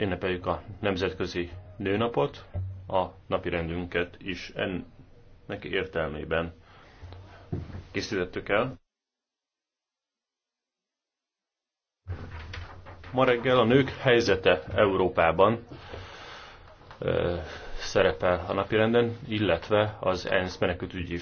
Ünnepeljük a Nemzetközi Nőnapot, a napi rendünket is ennek értelmében készítettük el. Ma reggel a nők helyzete Európában szerepel a napirenden, illetve az ENSZ menekültügyi